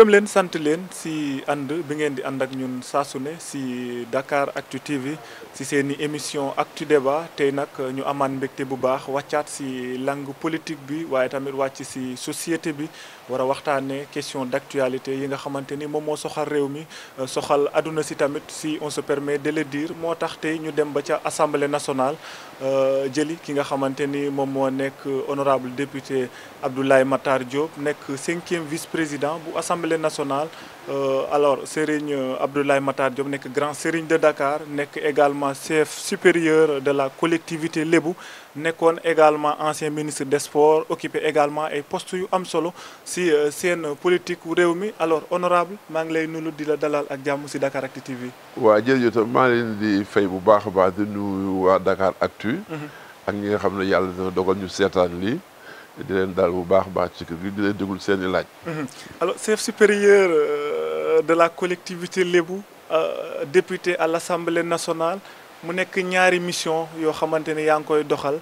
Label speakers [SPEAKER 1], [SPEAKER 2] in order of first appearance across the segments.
[SPEAKER 1] gërëm leen sant leen si ànd bi ngeen di ànd ak ñun saa ne si Dakar Actu TV si seen i émission Actu Débat tey nag ñu amane mbekté bu baax waccat si langue politique bi waye tamit wacc si société bi wara a question d'actualité yi nga xamante mom mo soxal réew mi euh, soxal aduna si tamit si on se permet de le dire moo tax tey ñu dem ba ca assemblée nationale euh, jëli ki nga xamante mom mo nekk honorable député Abdoulaye Matar Diop nekk cinquième vice-président bu assemblée nationale. Euh, alors Serigne euh, Abdoulaye Matar Diop nek grand Serigne de Dakar nek également chef supérieur de la collectivité Lébou, nekone également ancien ministre des sports occupé également et poste yu am solo si euh, seen politique ou alors honorable mang lay nulu di la dalal ak ci Dakar Actu TV.
[SPEAKER 2] wa jërëjëf tam maa leen di fay bu baax a baax di nuyu Dakar Actu mhm. ak ñi nga xamne yalla do dogal ñu seetaan li di len dal bu baax baax ci di laaj.
[SPEAKER 1] Mhm. alors chef supérieur. Euh, de la collectivité Lebu euh, député à l'Assemblée nationale mu nek ñaari mission yo xamantene yang koy doxal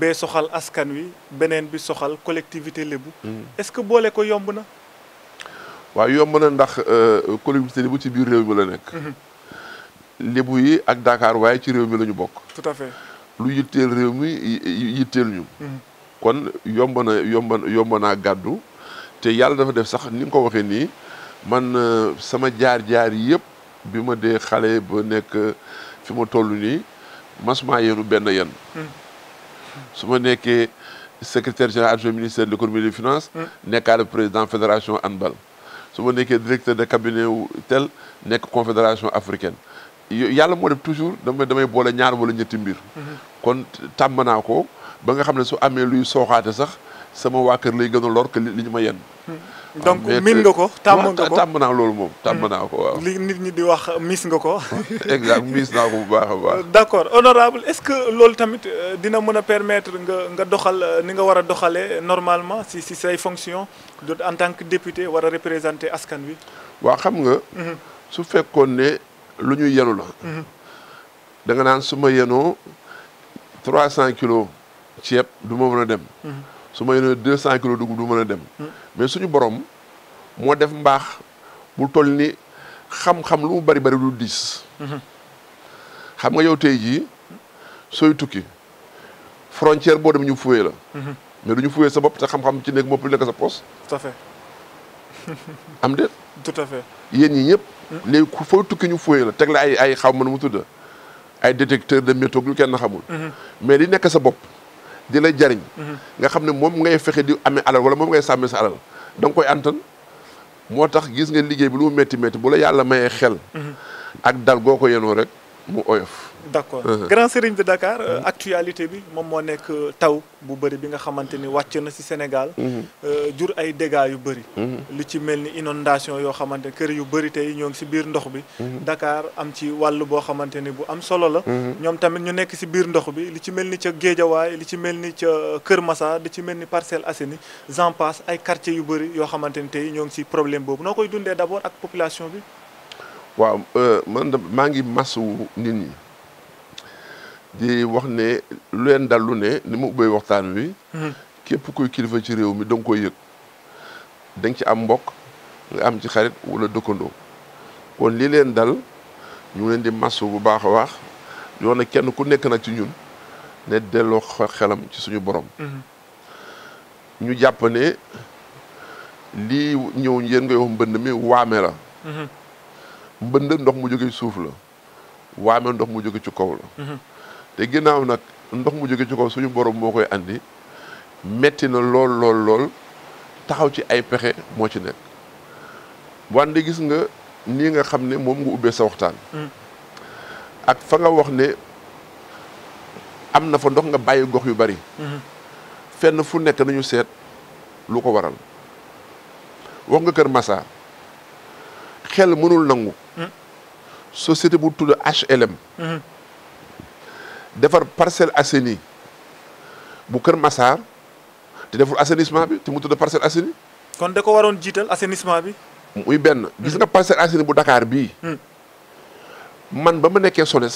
[SPEAKER 1] be soxal askan wi benen bi soxal collectivité Lebu mm. est-ce que bolé ko yomb na
[SPEAKER 2] waaw yomb na ndax euh, collectivité lebu ci biir réew mi la nek
[SPEAKER 3] mm-hmm.
[SPEAKER 2] lebu yi ak Dakar waaye ci réew mi lañu bok tout à fait lu yittel réew mi yittel ñu mm-hmm. kon yomb na yomb yomb naa gàddu te yalla dafa def sax ni nga ko waxee man euh, sama jaar-jaar yëpp bi ma dee xale ba nekk euh, fi ma toll nii masuma yenu benn yen hmm. su ma nekkee secretaire général adjoint ministère de l'économie et des finances hmm. nekkaale président fédération handball su ma nekkee directeur de cabinet tel nekk confédération africaine yàlla moo def toujours damay damay boole ñaar wala ñetti mbir hmm. kon tàmm naa ko ba nga xam ne su amee luy sooxaate sax sama waa kër lay gën a lor que li ñu ma yenn
[SPEAKER 3] donc min nga ko tàmm nga ko
[SPEAKER 2] tàmm naa loolu moom tàmm hmm. naa ko waaw li
[SPEAKER 3] nit
[SPEAKER 1] ñi di wax miis nga ko exact
[SPEAKER 2] miis na ko bu baax baax
[SPEAKER 1] d'accord honorable est-ce que lolou tamit euh, dina mën permettre nga nga doxal euh, ni nga wara a normalement si si say fonction de en tant que député wara représenter askan wi
[SPEAKER 2] wa xam nga hmm. su fekkoon lu ñu yenu la hmm. da nga naan suma ma 300 trois cent kilos ceeb du ma dem suma ma 200 deux cent kilos du dem mais suñu borom mo def mbax bu toll ni xam-xam bari bari lu dis. Mhm. xam nga yow tay ji soy tukki frontière bo dem ñu la. Mhm. mais nous fouyé sa bop xam-xam ci plus sa poste. tout à fait.
[SPEAKER 3] am
[SPEAKER 2] tout à fait hmm? ku tukki ñu la ay détecteur de métaux kenn mhm. mais di lay jariñ mhm. nga xam ne moom ngay fexe di amee alal wala moom ngay sàmmee sa alal da nga koy antan moo tax gis nga liggéey bi lu mu métti métti bu la yàlla mayee xel mhm. ak dal goo ko yenoo rek mu oyof. d' accord uh-huh. grand serigne de
[SPEAKER 1] Dakar euh, actualité bi moom moo nekk euh, taw bu bëri bi nga xamante ni wàcc na ci Sénégal. Uh-huh. Euh, jur ay dégâts yu bëri. Uh-huh. li ci mel ni inondation yoo xamante kër yu bëri tey ñoo ngi ci biir ndox bi. Dakar am ci wàll boo xamante ni bu am solo la. ñoom tamit ñu nekk ci biir ndox bi li ci mel ni ca Géejawaay li ci mel ni ca Kër Massa li ci mel ni Parcelles Assainies j'en passe ay quartiers yu bari yoo xamante ni tey ñoo ngi ci problème boobu noo koy dundee d' abord ak population bi.
[SPEAKER 2] waaw euh, man maa ngi masawu nit ñi di wax ne lu leen dal lu ne ni ma ubbee waxtaan wi. Mhm. képp kuy kilifa ci réew mi da nga koy yëg. da ci am mbokk nga am ci xarit walla dëkkandoo kon lii leen dal ñu leen di masawu bu baax a baax yoon na kenn ku nekk nag ci ñun ne delloo xelam ci suñu borom. Mhm. ñu jàpp ne lii ñëw yéen ngay wax mbënd mi waame la. Mhm. mbënd ndox mu jóge suuf la waame ndox mu jóge ci kaw la mhm. te ginnaaw nag ndox mu jóge ci kaw suñu borom moo koy andi metti na lool lool lool taxaw ci ay pexe moo ci nekk wande gis nga nii nga xam ne moom nga ubbee sa waxtaan mhm. ak fa nga wax ne am na fa ndox nga bàyyi gox yu bari mhm. fenn fu nekk nañu seet lu ko waral wax nga Kër Massa xel mënul nangu hmm. société bu tudd HLM hmm. defar Parcelles Assainies bu Kër Massar te deful assainissement bi te mu tudd Parcelles Assainies kon da ko waroon jiital assainissement bi muy ben gis nga Parcelles Assainies bu Dakar bi hmm. man bama ma nekkee lañu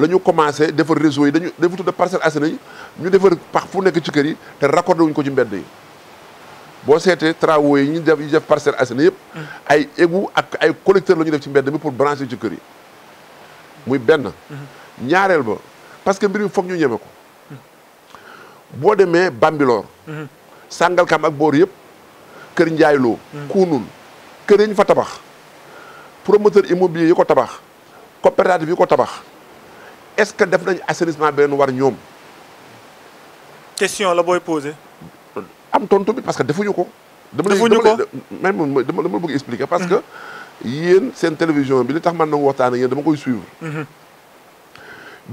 [SPEAKER 2] la ñu commencé defar réseau yi dañu dafa tudd Parcelles Assainies ñu defar pax fu nekk ci kër yi té raccordé wuñ ko ci mbedd yi boo seetee travaux yi ñu def ñu def Parcelles Assainies yëpp mm-hmm. ay égout ak ay collecteur la ñu def ci mbedd mi pour brancher ci kër yi muy benn mm-hmm. ñaareel ba parce que mbir foog ñu ñeme ko mm-hmm. boo demee Bambilor Sangalkam ak boor yëpp kër njaayloo kuunul kër yi ñu fa tabax promoteur immobilier yi ko tabax coopérative yi ko tabax est-ce que def nañ assainissement benn war ñoom question la booy poser am tontu bi parce que defuñu ko. dama defuñu ko même dama dama bëgg expliquer parce que yeen sen télévision bi li tax man na waxtane yeen dama koy suivre. hmm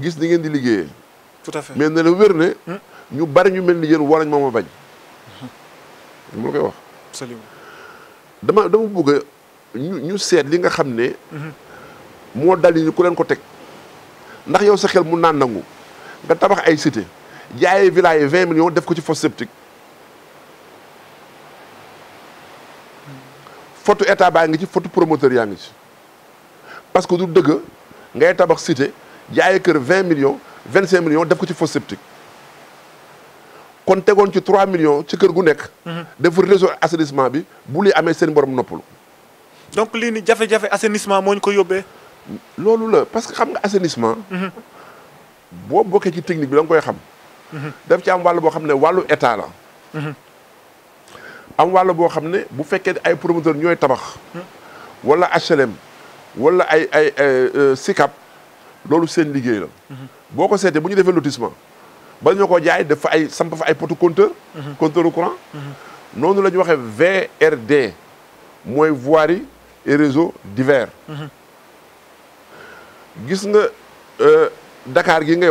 [SPEAKER 2] gis ni ngeen di liggéey tout à fait mais na la wér mhm. ñu bari ñu melni yeen yéen war nañ moom bañ. li mhm. ma koy wax. salim dama dama bëgg ñu ñu sét li nga xamné hmm mo dal ni ku leen ko tek ndax yow sa xel mu naa nangu nga tabax ay cité jaayé village 20 millions def ko ci fosse septique. fotu état baa ngi ci fotu promoteur yaa ngi ci parce que du dëgg ngay tabax cité jaaye kër 20 vingt 25 millions def ko ci fosse septique kon tegoon ci 3 millions ci kër gu nekk. Mhm. defar réseau assainissement bi bu luy amee seen borom noppalu. donc lii ni jafe-jafe assainissement moo ñu ko yóbbee. loolu la parce que xam nga assainissement. Mhm. boo bokkee ci technique bi da nga koy xam. Mhm. daf ci am wàll boo xam ne wàllu état la. am wàll boo xam ne bu fekkee ay promoteur ñooy tabax wala HLM wala ay ay euh, SICAP loolu seen liggéey la boo ko seetee bu ñu lotissement ba jaay def ay compteur compteur courant VRD voirie et réseaux divers gis nga euh, Dakar gi ngay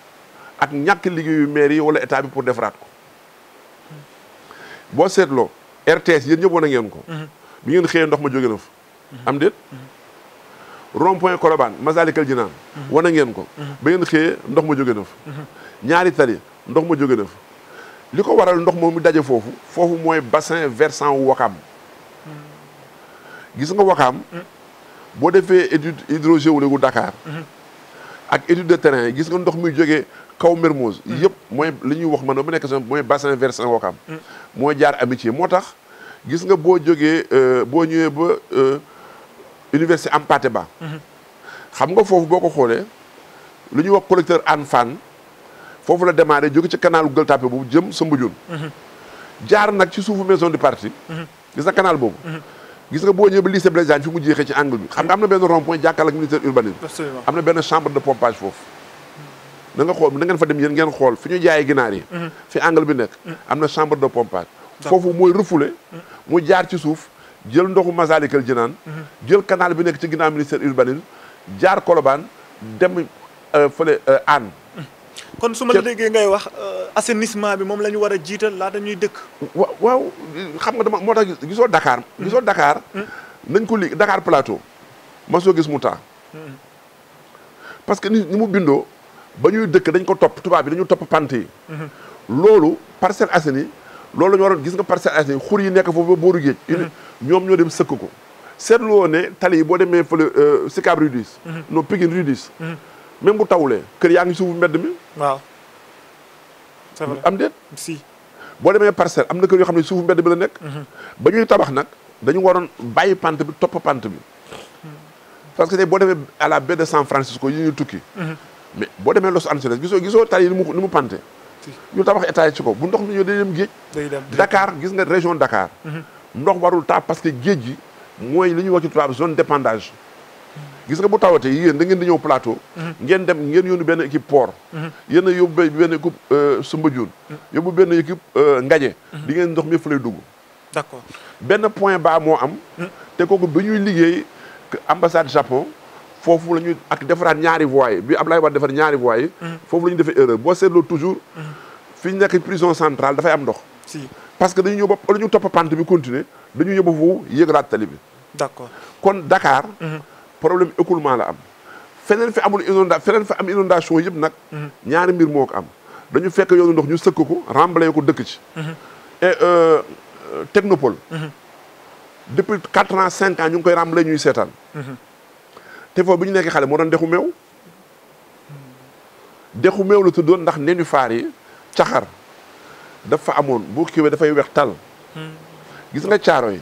[SPEAKER 2] ak ñàkk liggéeyu maire yi wala état bi pour defaraat ko boo seetloo RTS yéen ñëpp wane ngeen ko. Mhm. bi ngeen xëyee ndox ma jóge mhm. am déet. Mhm. rond point Colobane Masalikal Jinaan. wane ngeen ko. ba ngeen xëyee ndox ma jóge ñaari tali ndox ma jóge na li ko waral ndox moom mu daje foofu foofu mooy bassin versant wu Wakaam. gis nga Wakaam. boo defee étude hydrogéologique wu Dakar. ak étude de terrain gis nga ndox muy jógee kaw Mermoz mm. yëpp mooy li ñuy wax man ba mu nekk sama mooy bassin versant Ouakam mm. moo jaar amitié moo tax gis nga boo jógee euh, boo ñëwee ba euh, université Hampâté ba mm-hmm. xam nga foofu boo ko xoolee lu ñuy wax collecteur Hann Fann foofu la démarré jóge ci kanaal Gueule Tapée boobu jëm Soumbédioune mm-hmm. jaar nag ci suufu maison du parti mm-hmm. gis nga canal boobu gis nga boo ñëwee ba lycée Blaise Diagne fi mu jeexee ci angle bi xam nga am na benn rond point jàkkaarloo ministère urbanisme am na benn chambre de pompage foofu mhm. bi mhm. na chambre de pompage foofu mooy refoulé mhm. mu jaar ci suuf jël ndoxu Masalikal Jinaan jël canal bi nekk ci ginnaaw ministère urbanisme jaar Colobane dem euh, fële euh, Anne
[SPEAKER 1] kon su ma la déggee
[SPEAKER 2] ngay wax euh, assainissement bi moom la ñu war a jiital laata ñuy dëkk. wa waaw xam nga dama moo tax gisoo Dakar. Hmm. Dakar. Hmm. nañ ko li Dakar plateau. ma soo gis mu taa. Hmm. parce que ni mu bindoo ba ñuy dëkk dañ ko topp tubaab bi dañu topp pant yi. loolu Parcelles Assainies loolu la ñu waroon gis nga Parcelles Assainies xur yi nekk foofu ba booru géej. ñoom ñoo dem sëkk ko. seetlu woon ne tali yi boo demee fële euh, Sicap Rudis. non Pikine Rudis. même bu tawulee kër yaa ngi suufu mbedd mi. waaw am déet. si boo demee parcelle am na kër yoo xam ne suufu mbedd bi la nekk. Mhm. ba ñuy tabax nag dañu waroon bàyyi pant bi topp pant bi. Mhm. parce que boo demee à la baie de San Francisco yi ñuy tukki. Mhm. mais boo demee Los Angeles gisoo gisoo tali yi ni mu ni mu pante. ñu tabax état ci ko bu ndox mi ñu day dem géej. day dem Dakar gis nga région Dakar. ndox warul taa parce que géej gi mooy li ñuy wax ci tubaab zone d'épandage. gis nga bu tawate yeen da ngeen di ñëw plateau ngeen dem ngeen yoonu ben équipe port yéen ben yóbbu euh équipe Soumbédioune yóbbu ben équipe euh, euh ngadje di ngeen ndox mi fa lay dugg d'accord ben point bas mo am te koku bi ñuy liggéey ambassade Japon fofu la ak defaraat ñaari voie bi Ablaye wad defar ñaari voie fofu la ñuy erreur bo sétlo toujours fi ñu nekk prison centrale da fay am ndox si parce que dañu ñëw ba wala top topp pante bi continuer dañu ñëw ba foofu yëgalaat d'accord kon Dakar mhm. problème écoulement la am fenen fi amul inondation fenen fi am inondation yeb nak ñaari mbir moko am dañu fekk yoonu ndox ñu sëkk ko rambalé ko dëkk ci et euh technopole depuis 4 ans 5 ans ñu koy rambalé ñuy sétane te fo bi nekk xale mo doon dexu mew dexu mew la tuddoon ndax nenu faar yi caxar dafa amoon boo kiiwee dafay wex tal gis nga caaro yi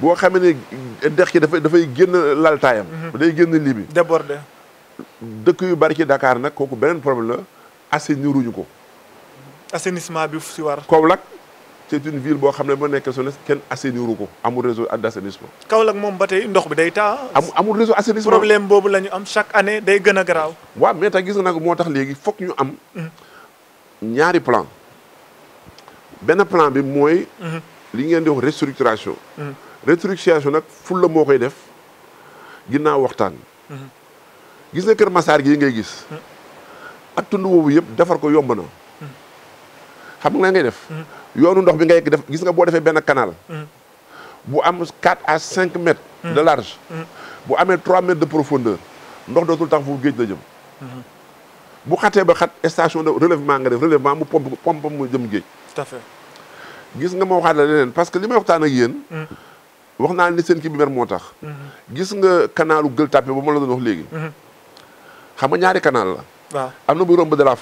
[SPEAKER 2] boo xamee ne dex ki dafay dafay génn laltaayam. Mhm. day génn lii bi. débordé. dëkk yu bari ci Dakar nag kooku beneen problème la assainuruñu ko. assainissement bi si war. Kaolack c' est boo xam ne ba nekk su kenn assainir ko amul réseau d' assainissement.
[SPEAKER 1] Kaolack moom ba tey ndox bi day taa.
[SPEAKER 2] amul amul réseau assainissement problème boobu la ñu am chaque année day gën a garaaw. waaw mais tax gis nga nag moo tax léegi foog ñu am. Mhm. ñaari plan benn plan bi mooy. Mhm. li ngeen di wax restructuration. restructuration nag ful la moo koy def ginnaaw waxtaan. gis nga Kër Massar gii ngay gis. ak tund woowu yëpp defar ko yomb na. xam nga ngay def. yoonu ndox bi ngay def gis nga boo defee benn canal. bu am 4 à 5 mètres. de large. bu amee 3 mètres de profondeur ndox dootul tax foofu géej la jëm. bu xatee ba xat station de relèvement nga def relèvement mu pompe mu jëm géej. gis nga ma waxaat la leneen parce que li may waxtaan ak yéen. Hmm. wax naa ni seen kii bi mer moo tax. gis nga canaalu Gueule Tapée ba ma la doon wax léegi. xam nga ñaari canal la. waaw am na bu romb de la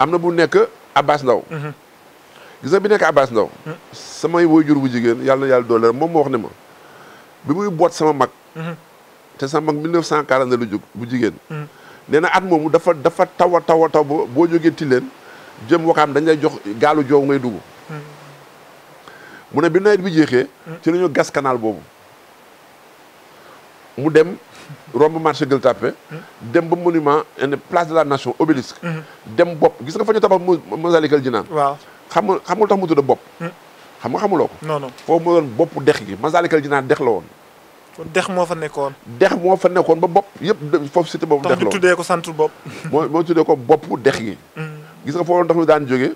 [SPEAKER 2] am na bu nekk Abbas Ndaw gis nga bi nekk Abbas Ndaw samay waajur bu jigéen yàlla na yàlla doole moom moo wax ne ma bi muy boot sama mag. te sama mag 1940 lu jóg bu jigéen. nee a at moomu dafa dafa taw a taw a boo jógee Tilène jëm Wakaam dañ lay jox gaalu joow ngay dugg. mu ne bi nawet bi jeexee. ci la ñu gas canal boobu. mu dem romb marché Gueule Tapée dem ba monument en place de la nation obélisque. dem bopp gis nga fa ñu tabax Massalikul Jinaan. waaw xam nga xam nga lu tax mu xamuloo ko. non non foofu moo doon bopp dex gi Massalikul Jinaan dex la woon.
[SPEAKER 1] kon dex moo fa nekkoon. dex
[SPEAKER 2] moo fa nekkoon ba bopp yëpp foofu cité boobu. dex la woon bopp. moo tuddee ko bopp dex gi. gis nga foofu ndox mi daan jógee.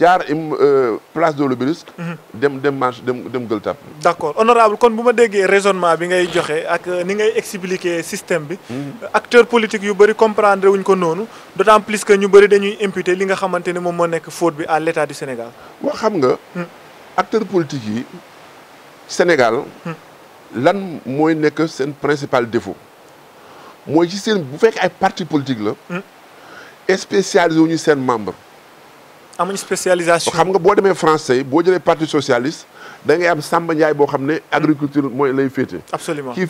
[SPEAKER 2] jaar im euh, place de l'obélisque mhm. dem dem marche dem dem Gueule Tapée. d' accord honorable kon bu ma déggee raisonnement bi ngay joxe ak euh, ni ngay expliquer système bi. Mhm. acteur politique
[SPEAKER 1] yu bëri comprendre wuñ ko noonu d' autant plus que ñu bëri dañuy imputer li nga xamante ne moom moo nekk faute bi à l'
[SPEAKER 2] état du Sénégal. waaw xam nga. Hmm. acteur politique yi Sénégal. Hmm. lan mooy nekk seen principal défaut. mooy ci seen bu fekk ay parti politique la. Hmm spécialisé membres. ñu seen membre une spécialisation xam nga boo français parti socialiste da ngay am Samba agriculture mooy lay absolument kii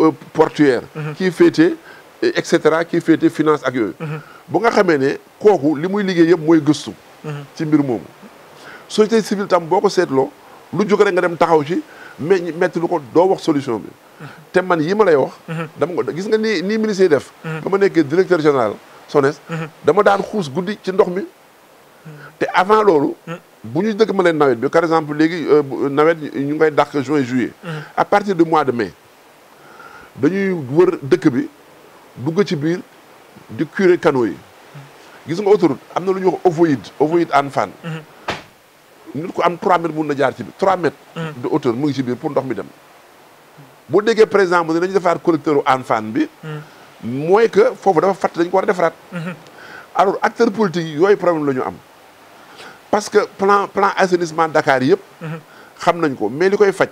[SPEAKER 2] euh, portuaire. Mhm. kii et cetera kii finance ak yooyu. Mhm. bu nga xamee ne kooku liggéey yëpp mhm. ci société civile tam lu nga mais ko wax solution
[SPEAKER 3] bi.
[SPEAKER 2] directeur général sones mhm. dama daan xuus goudi, ci ndox mi te avant loolu mhm. bu ñu dëgg ma leen nawet bi par exemple léegi euh, euh, nawet ñu ngay dàq juin juillet mhm. à partir du mois de mai dañuy wër dëkk bi dugg ci bir, di curé canaux yi gis nga autoroute am na lu ñuy wax ovoïde ovoïde en fan ko am 3 mètres mun na jaar ci biir 3 mètres de hauteur mu ngi ci biir pour ndox mi dem boo déggee par exemple dinañu defaat collecteur enfant. bi mooy que foofu dafa fàtt dañ ko war a defaraat. Mhm. alors acteurs politiques yi yooyu problème la am parce que plan plan assainissement Dakar yëpp. Mhm. xam nañ ko mais li koy faj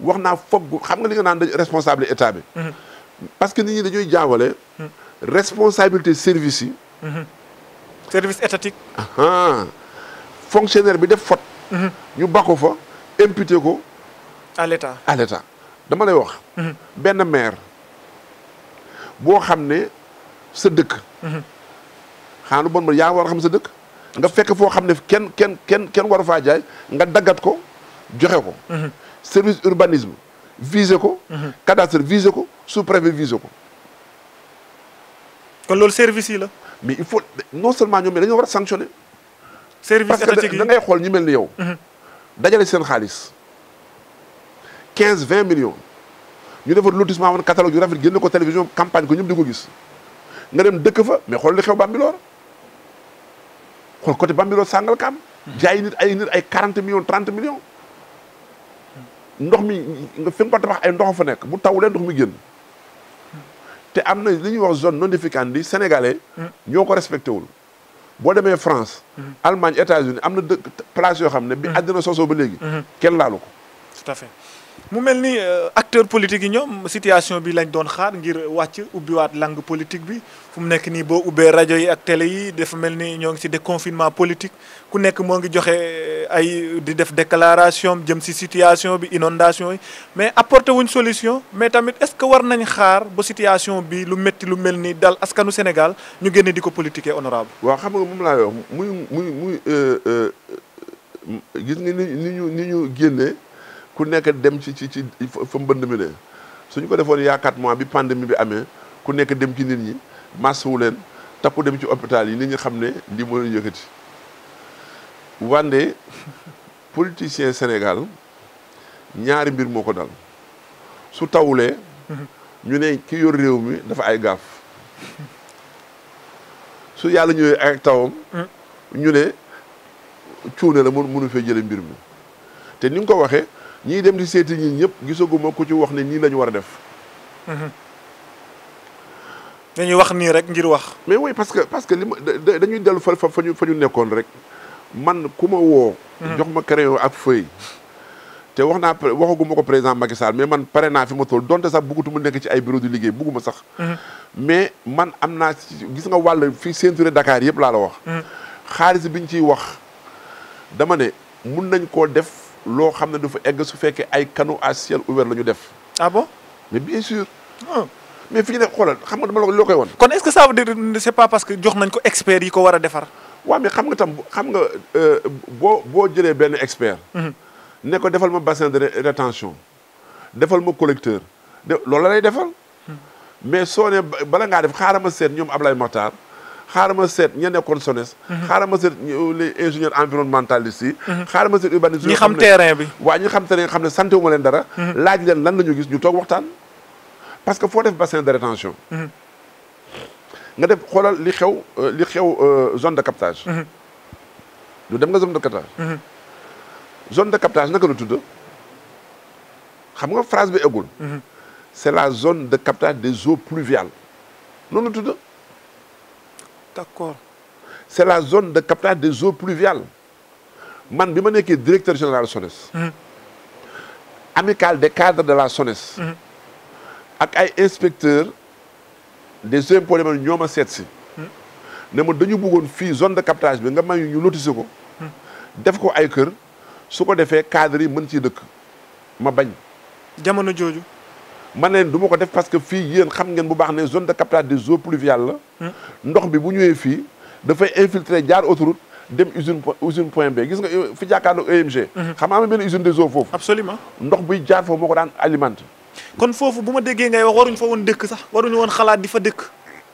[SPEAKER 2] wax naa foog xam nga li naa naan dañ responsable état bi. Mhm. parce que nit ñi dañuy jaawale. responsabilité service yi. service étatique. fonctionnaire bi def faute. ñu bako fa imputé ko. à l'état à l'état dama lay wax. benn maire. boo xam ne sa dëkk. Mhm. xanaa lu bon ma yaa war xam sa dëkk. nga fekk foo xam ne kenn kenn kenn kenn waru faa jaay nga daggat ko joxe ko. Mhm. service urbanisme visé ko. Mhm. cadastre visé ko sous préfet visé ko. kon loolu service yi la. mais il faut non seulement ñoom mais dañoo war a sanctionner. service étatique parce que da ngay xool ñu mel ni yow. dajale seen xaalis quinze vingt millions. ñu defar lotissement woon catalogue yu rafet génn ko télévision campagne ko ñëpp di ko gis nga dem dëkk fa mais xool li xew Bambilor xool côté Bambilor kam hmm. jaay nit ay nit ay 40 millions 30 millions ndox mi nga fi nga ko tabax ay ndox fa nekk bu tawulee ndox mi génn te am na li ñuy wax zone non aedificandi sénégalais hmm. ñoo ko respecté wul boo demee France hmm. Allemagne États-Unis am na dëkk place yoo xam ne bi àddina sosoo ba léegi kenn laalu ko
[SPEAKER 1] tout à fait mu mel ni euh, acteur politique yi situation bi lañ doon xaar ngir wàcc wat langue politique bi fum mu nekk nii boo ubbee rajo yi ak télé yi dafa mel ni ñoo ngi ci déconfinement politique ku nekk moo ngi joxe euh, ay di def déclaration jëm ci situation bi inondation mais apporter wuñ solution mais tamit est-ce que war nañ xaar bo situation bi lu métti lu mel ni dal askanu Sénégal
[SPEAKER 2] ñu génne di ko politiquer honorable Wa xam nga moom laa wax muy muy muy euh, gis nga ni ñu ni ñu génnee ku nekk dem ci ci ci fa mbënd mi ne suñu ko defoon yaa quatre mois bi pandémie bi amee ku nekk dem ci nit ñi massuwu leen takku dem ci hôpital yi nit ñi xam ne lii moo leen wande politicien Sénégal ñaari mbir moo ko dal su tawulee ñu ne ki yor réew mi dafa ay gaaf su yàlla ñëwee ak tawam ñu ne cuune la mënu fee jële mbir mi te ni ko waxee ñii dem di seeti ñi ñëpp gisaguma ku ci wax ne nii la ñu war a def. dañuy mhm. wax nii rek ngir wax. mais oui parce que parce que li ma dañuy dellu fa fa fa ñu nekkoon rek man ku ma woo. Mhm. jox ma crayon ak feuille. te wax naa waxaguma ko président Macky Sall mais man pare naa fi ma toll donte sax bëggatu nekk ci ay bureau di liggéey bëgguma sax. Mhm. mais man am naa gis nga wàll fi ceinture Dakar yëpp laa la wax. xaalis bi ñu ciy wax dama ne mun nañ koo def. lo xamne dafa egg su fekke ay canaux à ciel ouvert lañu def. ah bon mais bien sûr. Ah. mais fi ñu ne xoolal xam nga dama la koy won kon est-ce que ça veut dire c'est pas parce que jox nañ ko expert yi ko war defar. wa mais xam nga tam xam nga euh, bo bo jëlé ben expert. Mhm. ne ko defal ma bassin de rétention defal ma collecteur de la lay defal. Mhm. mais soo bala nga def xaaral ma seet ñoom Ablaye xaaral set seet nekkoon SONES. Mhm. les ingénieurs environnementalistes mhm. xam terrain bi. xam terrain ne leen dara. Mhm. laaj leen gis ñu parce que foo def bassin de rétention. nga def xoolal li xew euh, euh, zone de captage. nous dem nga zone de captage. zone de captage naka tudd xam c'est la zone de captage des eaux pluviales noonu tudd. D'accord. C'est la zone de captage des eaux pluviales. Man, je suis directeur général de SONES. Hmm. Amical des cadres de la SONES. Hmm. Avec inspecteur des impôts de l'Union Nous avons une zone de captage, nous avons une Nous avons une ce nous cadre, nous avons fait cadre. Je zone de man leen du ko def parce que fi yéen xam ngeen bu baax ne zone de captage des eaux pluviales la. Hmm. ndox bi bu fi da fay infiltrer jaar autoroute dem usine usine point B gis nga euh, fi jàkkaarloo EMG. Hmm. xam nga am benn usine des eaux foofu. absolument ndox bu jaar foofu moo daan alimente kon foofu bu ma déggee ngay wax waruñ fa won dëkk sax waruñ won xalaat difa fa dëkk.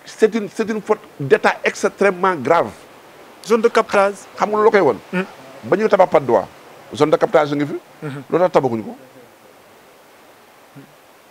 [SPEAKER 2] c' une c'est une faute d'état extrêmement grave. zone de captage. xam nga loolu la koy woon. Hmm. ba tabax Patte droit zone de captage ngi fi. loolu tax tabaxuñu ko.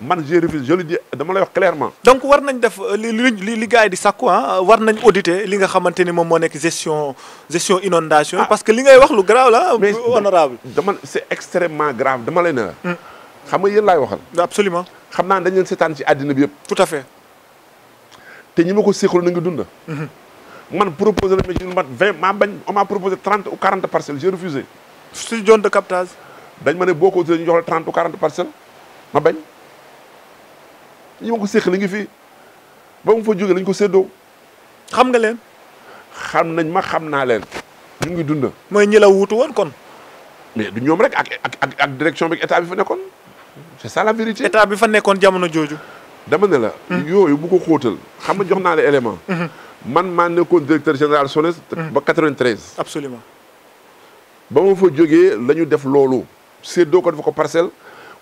[SPEAKER 2] man je refuse je le dis clairement. donc war nañ def euh, li li di hein,
[SPEAKER 1] war nañ auditer li nga gestion inondation ah. parce que li ngay wax lu grave
[SPEAKER 2] honorable c'est extrêmement grave dama lay que hmm. xam nga absolument xam dañ leen ci bi tout à fait. té ñi man on m'a proposé 30 ou 40 parcelles j'ai refusé. sur zone de captage. dañ ma ne ou 40 parcelles ma bañ. ñi ma ko séq li ngi fii ba mu fa jóge lañ ko séddoo. xam nga leen. xam nañ ma xam naa leen. ñu ngi dund. mooy ñi la wuutu woon kon. mais du ñoom rek ak ak ak direction bi état bi fa nekkoon c'est ça la vérité. état bi fa nekkoon jamono jooju. dama ne la. Hmm. yooyu bu ko xóotal xam nga jox naa la élément. Hmm. man ne nekkoon directeur général SONES. Hmm. ba 93. absolument ba ma fa jógee la def loolu séddoo ko dafa ko parcelle.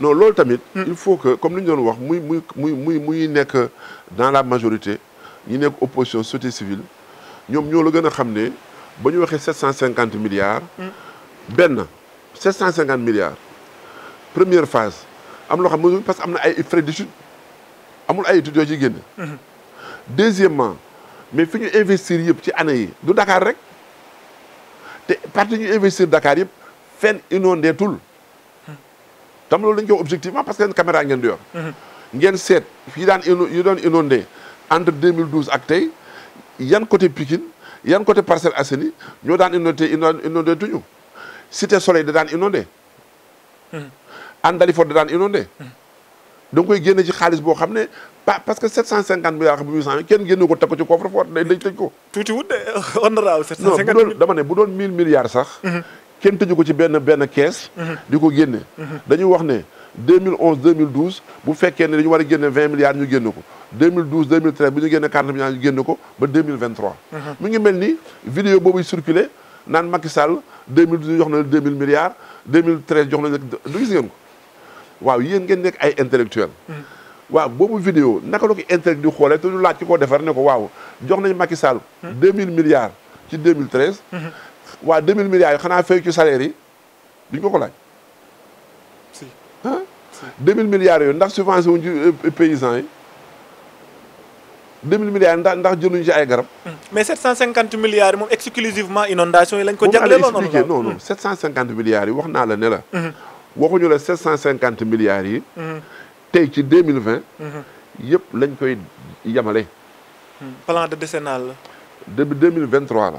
[SPEAKER 2] non l'autre tamit hmm. il faut que comme nous nous, dans la majorité ñi nekk opposition société civile nous, ñoo la nous a nous ba milliards 750
[SPEAKER 3] hmm.
[SPEAKER 2] 750 milliards première phase am avons xam parce que ay frais de amul Nous études hmm. deuxièmement mais investir dans ci année yi Dakar rek te parti ñu investir Dakar inonder tout. tam loolu dañ koy objectivement parce que leen caméra ngeen di yor mhm. ngeen seet yi daan yi doon inondé entre 2012 ak yan côté Pikine yan côté Parcelles Assainies ñoo daan inondé Soleil da daan inondé Hann mhm. Dalifort da daan inondé mhm. da nga koy génne ci xaalis boo xam ne pa parce que 750 milliards xam bu 800 kenn génne ko teg ko ci coffre fort day dañ ko tuuti wut de honorable bu doon 1000 milliards sax kenn tëju ko ci ben ben caisse diko guenné génne. dañu wax né 2011 2012 bu féké ne dañu wara a 20 milliards ñu guenné ko 2012 2013 bu ñu guenné 40 milliards ñu guenné ko ba 2023. mi ngi melni vidéo bobu circulé nan Macky Sall 2012 jox na 2000 milliards 2013 jox na du gis ngeen ko waaw yeen ngeen nek ay intellectuel waaw bobu vidéo naka la ko intellect di xolé te ñu laacc ko defar né ko waaw jox Macky Sall. 2000 milliards ci 2013 wa 2000 milliards xana xanaa fay ci salaire yi duñ ko ko laaj. si hein? 2000 milliards yo ndax subvention wuñ ci euh, paysans yi. 2000 milliards ndax ndax jëluñu ci ay garab. Hmm. mais 750 milliards mom exclusivement inondation yi lañ ko jagleeloon lo non non hmm. non 750 milliards yi wax na la né la. Hmm. waxuñu la 750 milliards yi. tay ci 2020. yëpp lañ koy yamalé plan de décennal début 2023 là.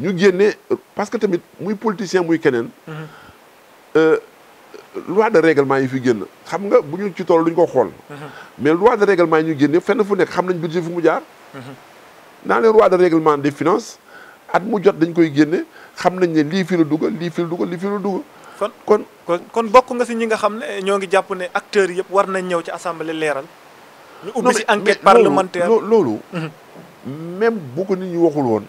[SPEAKER 2] ñu génne parce que tamit muy politicien muy keneen. Mhm. Euh, loi de règlement yi fi génn xam nga bu ñu ci toll duñ ko xool. Mhm. mais loi de règlement yi ñu génne fenn fu nekk xam nañ budget fu mu jaar. naa ne loi de règlement des finances at mu jot dañ koy génne xam nañ ne lii fi la dugal lii fi la dugal lii fi la dugal. kon kon kon bokk nga si ñi nga xam ne ñoo ngi
[SPEAKER 1] jàpp ne acteur yëpp war nañ ñëw ci assemblée leeral. ñu ubbi si enquête parlementaire
[SPEAKER 2] loolu. Mhm. même bu ko n ñi waxul woon.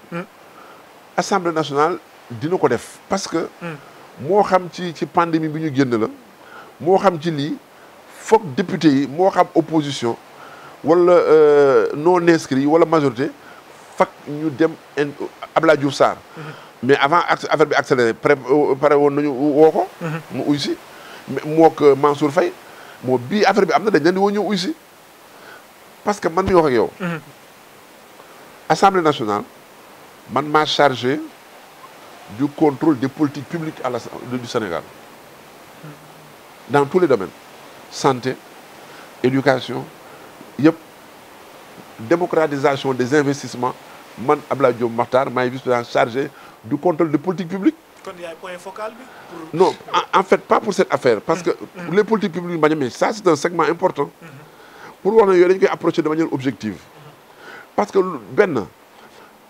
[SPEAKER 2] assemblée nationale dina ko def parce que hmm. moi xam ci ci pandémie bi ñu génn la moo xam ci lii foog député moi quand xam opposition wala euh, non inscrit wala majorité fak ñu dem Abdoulaye Diouf Sarr hmm. mais avant affaire bi accéléré préparé woon nañu woo ko hmm. mu moi que euh, Mansour Faye moi bii affaire bi am na dañ leen di woo ñu parce que man mi wax ak yow assemblée nationale je suis chargé du contrôle des politiques publiques du Sénégal dans tous les domaines santé éducation démocratisation des investissements je suis chargé du contrôle des politiques publiques.
[SPEAKER 3] un point focal
[SPEAKER 2] non en fait pas pour cette affaire parce que mm-hmm. les politiques publiques ça c'est un segment important mm-hmm. pour on approcher de manière objective mm-hmm. parce que Ben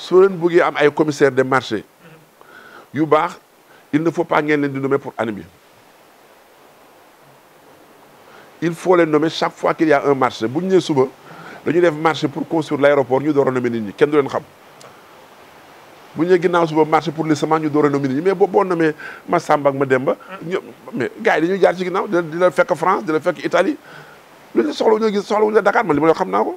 [SPEAKER 2] Si vous voulez un commissaire de marché il ne faut pas les nommer pour animer. il faut les nommer chaque fois qu'il y a un marché Si vous voulez un marché pour construire l'aéroport ñu devez nommer kenn marché pour les semaines, ñu devez nommer mais bon, nommer ma Samba ma Demba. mais gars yi jaar ci la France la Italie Dakar honorable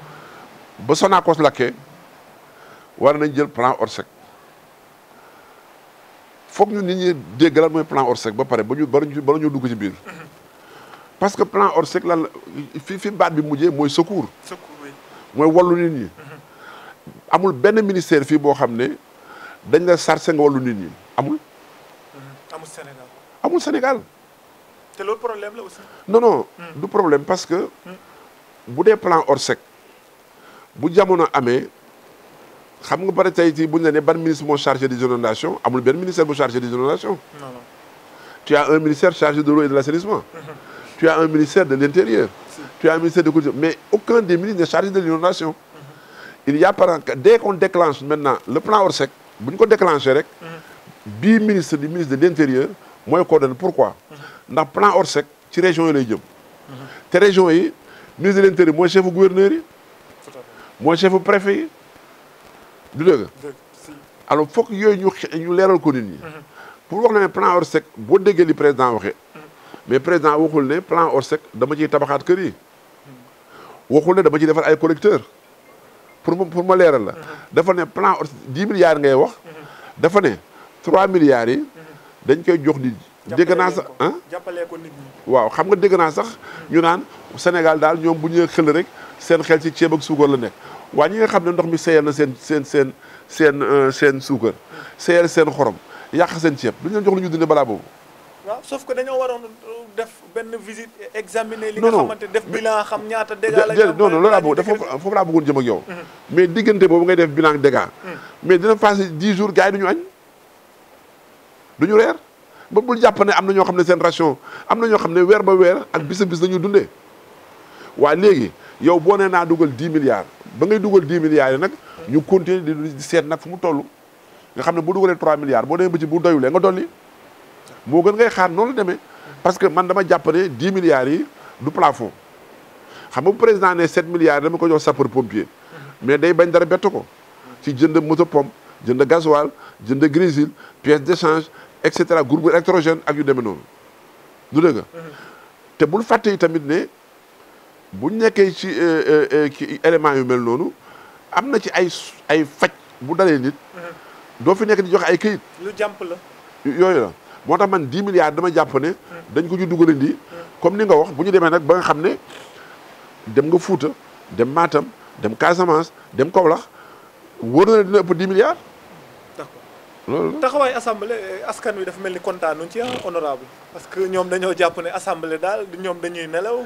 [SPEAKER 2] ba Sonacos lakkee war nañ jël plan Orsec foog ñu nit ñi dégg mooy plan Orsec ba pare ba ñu ba ñu dugg ci biir parce que plan Orsec lan fi fi baat bi mujjee mooy secours. mooy wallu nit ñi. Mm-hmm. amul benn ministère fii boo xam ne dañ la sarse nga wallu nit ñi amul.
[SPEAKER 1] Mm-hmm. amul Sénégal amul Sénégal. te loolu problème la aussi.
[SPEAKER 2] Mm. du problème parce que mm. bu dee plan Orsec. bu jamono amé xam nga tay ci ban ministre chargé des inondations amul ben ministère bu chargé des inondations. non tu as un ministère chargé de l'eau et de l'assainissement. tu as un ministère de l'intérieur. tu as un ministère de culture mais aucun des ministres ne chargé de l'inondation. Mm-hmm. il y a pas dès qu'on déclenche maintenant le plan Orsec si on ko déclencher rek.
[SPEAKER 3] Mm-hmm.
[SPEAKER 2] bi ministre du ministre de l'intérieur moy coordonne. pourquoi. le mm-hmm. plan Orsec ci région yi lay jëm. té région yi ministre de l'intérieur le chef gouverneur yi mooy chef préfet du dëgg alors foog yoy ñu ñu léral ko nit ñi pour wax né plan hors sec bo déggee li président waxé mais président waxul né plan hors sec dama ci tabaxat kër yi waxul né dama ci défar ay collecteurs pour pour ma léral la dafa né plan hors 10 milliards ngay wax dafa né 3 milliards yi dañ koy jox nit dégg na sax hein
[SPEAKER 1] jappalé ko nit ñi
[SPEAKER 2] waaw xam nga dégg na sax ñu naan Sénégal dal ñom bu ñu xël rek seen xel ci ceeb ak la nekk nga ndox mi na sen sen sen sen sen c'est euh, sen xorom yak sen ciep duñu jox
[SPEAKER 1] sauf que dañu def ben visite examiner. li nga def xam ñaata
[SPEAKER 2] la. non non la dafa la bëggoon jëm ak yow. Mhm. mais digënté mhm. jours duñu duñu ba ne ration milliards. ba ngay dugal 10 milliards yi nag ñu continuer di seet nag fu mu toll nga xam ne bu dugalee 3 milliards boo demee ba ci bu doyulee nga dolli moo gën ngay xaar noonu la parce que man dama jàpp ne 10 milliards yi du plafond xam nga bu président ne 7 milliards dama ko jox sapeur pompier mais day bañ dara bett ko ci jënd moto pom jënd gasoil jënd grésil pièce d'échange et cetera groupe électrogène ak yu demee noonu du dëgg te bul fàtte yi bu nekkee ci euh, euh, euh, ci éléments yu mel noonu am na ci ay ay faj bu dalee nit. Mhm. doo fi nekk di joxe ay këyit. lu jàmp la. yooyu la moo tax man 10 milliards dama jàpp ne. Mhm. dañ ko ñu dugalandi. Mhm. comme ni nga wax bu ñu demee nag ba nga xam ne dem nga Fuuta dem Matam dem Casamance dem Kaolack wóor na ne dina ëpp 10 milliards.
[SPEAKER 1] taxawaay assemblée askan wi dafa mel ni kontaan nuñ ci ah, honorable parce que ñoom dañoo jàpp ne assemblée daal ñoom dañuy nelaw.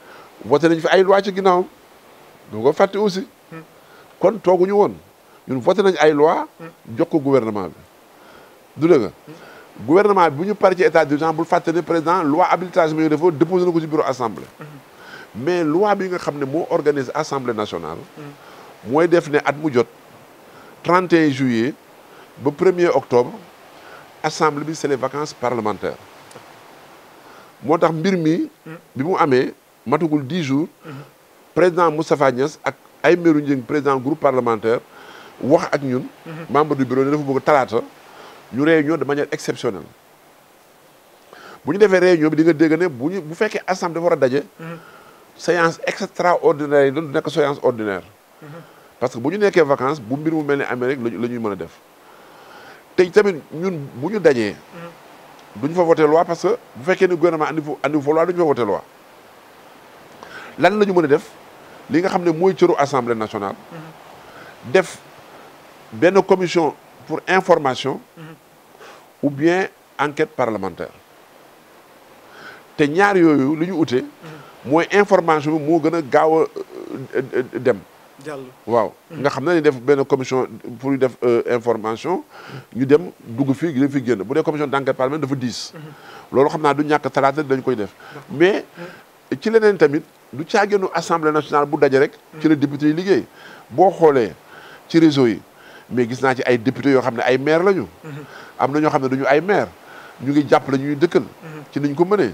[SPEAKER 2] voté nañ fi ay loi ci ginnaw do ko fàtte aussi hmm. kon tooguñu won ñun voté nañ ay loi hmm. jox ko gouvernement bi du dëgg nga hmm. gouvernement bi bu ñu pare ci état d'urgence bul fàtte ne président loi habilitation bi defo defoon déposé ko ci bureau assemblée mais loi bi nga xamné mo organise assemblée nationale moy def né at mu jot 31 juillet ba 1er octobre assemblée bi c'est les vacances parlementaires motax tax mbir mi bi mu amé Matugul 10 jours président Moustapha Niass ak Aymérou Ndiéng président groupe parlementaire wax ak ñun membre du bureau dafa bëgg talata ñu réunion de manière exceptionnelle buñu défé réunion bi di nga dégg né buñu bu féké assemblée dafa wara dajé séance extraordinaire donc doon une séance ordinaire parce que buñu ñu vacances bu mbir mu melni Amérique lañuy mëna def te tamit ñun buñu ñu duñ fa voter loi parce que bu féké ni gouvernement andi fa andi fa loi duñ fa voter loi lan lañu mëna def li nga xamné moy mooy assemblée nationale.
[SPEAKER 3] Mhm.
[SPEAKER 2] def ben commission pour information. Mhm. ou bien enquête parlementaire. té ñaar yoyu luñu outé mhm. moy information mo gëna gën gaaw euh, euh, dem. de waaw nga xam def ben commission pour def euh, information ñu dem dugg fi dañ fi génn bu dé commission d'enquête parlementaire dafa 10 loolu xamna du ñak dañ koy def mais. ci leneen tamit du caaginu assemblée nationale bu daje rek. ci la député liggéey boo xoolee ci réseaux yi mais gis naa ci ay député yoo xam ne ay maire lañu. Mhm. am na ñoo xam ne duñu ay maire ñu ngi jàppale ñuy dëkkal. Mhm. ci niñ ko mënee.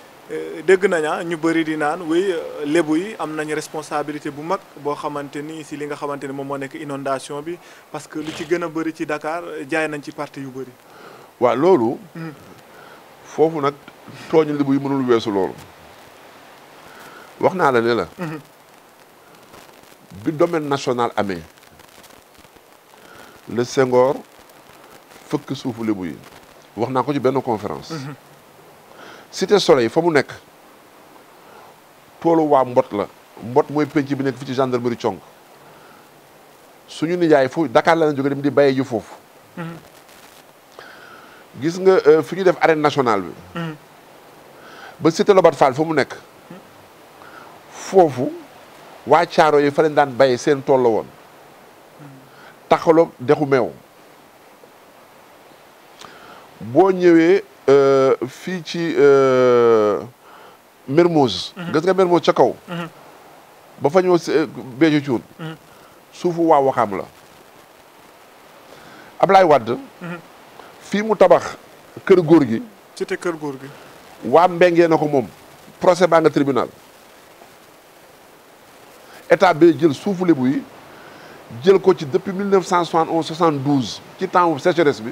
[SPEAKER 1] Euh, dégg nañu ah, ñu bëri di naan oui euh, lébu yi am responsabilité bu mag boo xamante ni si li nga xamante ni moom moo nekk inondation bi parce que lu ci gën a bëri ci Dakar euh, jaay nañ ci parti yu bëri.
[SPEAKER 2] waaw loolu. Hmm. foofu nag tooñu lébu yi mënul weesu loolu. wax naa la ne la. Hmm. bi domaine national amee. le Senghor fëkk suufu lébu yi. wax naa ko ci benn conférence. Hmm. cité soleil fa mu nekk toolu waa mbot la mbot mooy penc bi nekk fi ci gendarmerie cong suñu nijaay fu Dakar la na jóge dem di béyee ju foofu gis nga euh, fi ñu def arène nationale bi ba cité Lobat Fall fa mu nekk foofu waa caaro yi fa leen daan béyee seen tool la woon taxaloog dexu meew boo ñëwee Euh, fii ci euh, Mermoz. Mhm. gis nga Mermoz ca kaw. Mhm. ba fa ñëw euh, Béji Thioune. Mhm. suufu waa Wakaam la. Ablaye Wade. fii mu tabax kër góor gi. cité kër góor gi. waa Mbengee na ko moom. procès baa nga tribunal. état bi jël suufu Lebu yi jël ko ci depuis 1971 72 ci temps sécheresse bi.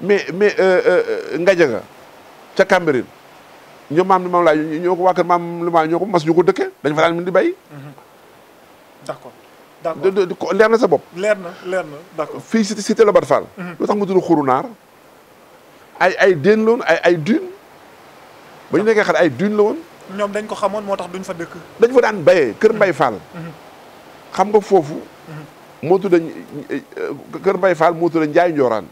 [SPEAKER 2] mais mais euh, euh, euh, Ngajaga ca Cambérène ñoom maam li maam laay ñoo ko waa kër maam ñoo ko dëkke dañ fa daan mën di béy. leer na sa bopp. leer na leer na d'accord. fii cité cité Lobat Fall. Mhm. lu tax mu tudd xurunaar ay ay déen la woon ay ay ba ñu nekkee xale ay dune la woon. ñoom dañ ko xamoon moo tax duñ fa dëkk. dañ fa daan béyee Kër Mbay Fall. Mhm. xam nga foofu. Mhm. moo tudd kër Mbay Fall moo tudd Njaay Njooraan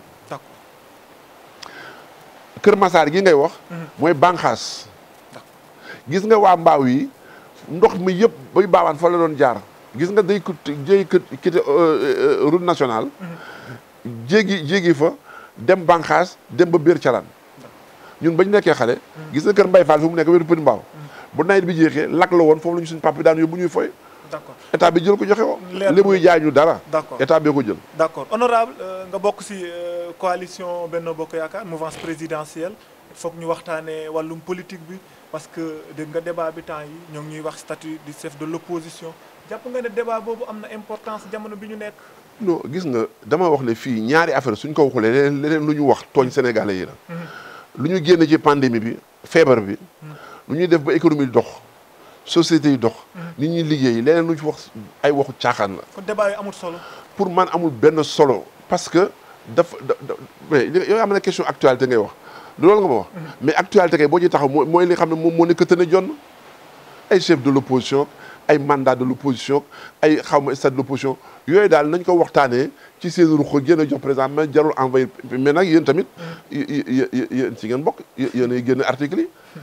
[SPEAKER 2] kër Masaar gi ngay wax mhm. mooy banqaas gis nga waa mbaaw yi ndox mi yëpp bay baawaan fa la doon jaar gis nga day jëy kite euh, euh, route nationale mhm. jéegi jéegi fa dem banqaas dem ba biir calaan ñun bañ nekkee xale mhm. gis nga kër Mbay Fall fi mu nekk wéru përi mbaaw bu nawet bi jeexee lakk la woon foofu la ñu suñ papa daan yóbbu ñuy fooy d'accord état bi jël ko joxé ko li muy jaay ñu dara état bi ko jël
[SPEAKER 1] d'accord honorable euh, nga bokk ci euh, coalition Benno Bokk yakar mouvance présidentielle foog ñu waxtané walum politique bi parce que de nga débat bi temps yi ñoo ñuy wax statut du chef de l'opposition japp nga né débat bobu amna importance jamono bi ñu nekk
[SPEAKER 2] non gis nga dama wax ne fi ñaari affaire suñ ko waxulé leneen luñu wax togn mm-hmm. sénégalais yi la mm-hmm. luñu génné ci pandémie bi fièvre bi mm-hmm. luñu def ba économie dox société dox. nit ñi liggéey leneen lu ci wax ay waxu caaxaan la.
[SPEAKER 1] kon débat yi amul solo.
[SPEAKER 2] pour man amul benn solo parce que dafa mais yow am na question actualité ngay wax lu loolu nga ma wax. Mhm. mais actualité kay boo ci taxaw mooy li xam ne moom moo nekk tën jonn ay chef de l' opposition ay mandat de l' opposition ay xaw ma stade de l' opposition yooyu daal nañ ko waxtaanee ci seen ruq gën a jox président mais jarul envoyer mais nag yéen tamit. Mhm. yéen ci ngeen bokk yéen ay génne article yi. Mhm.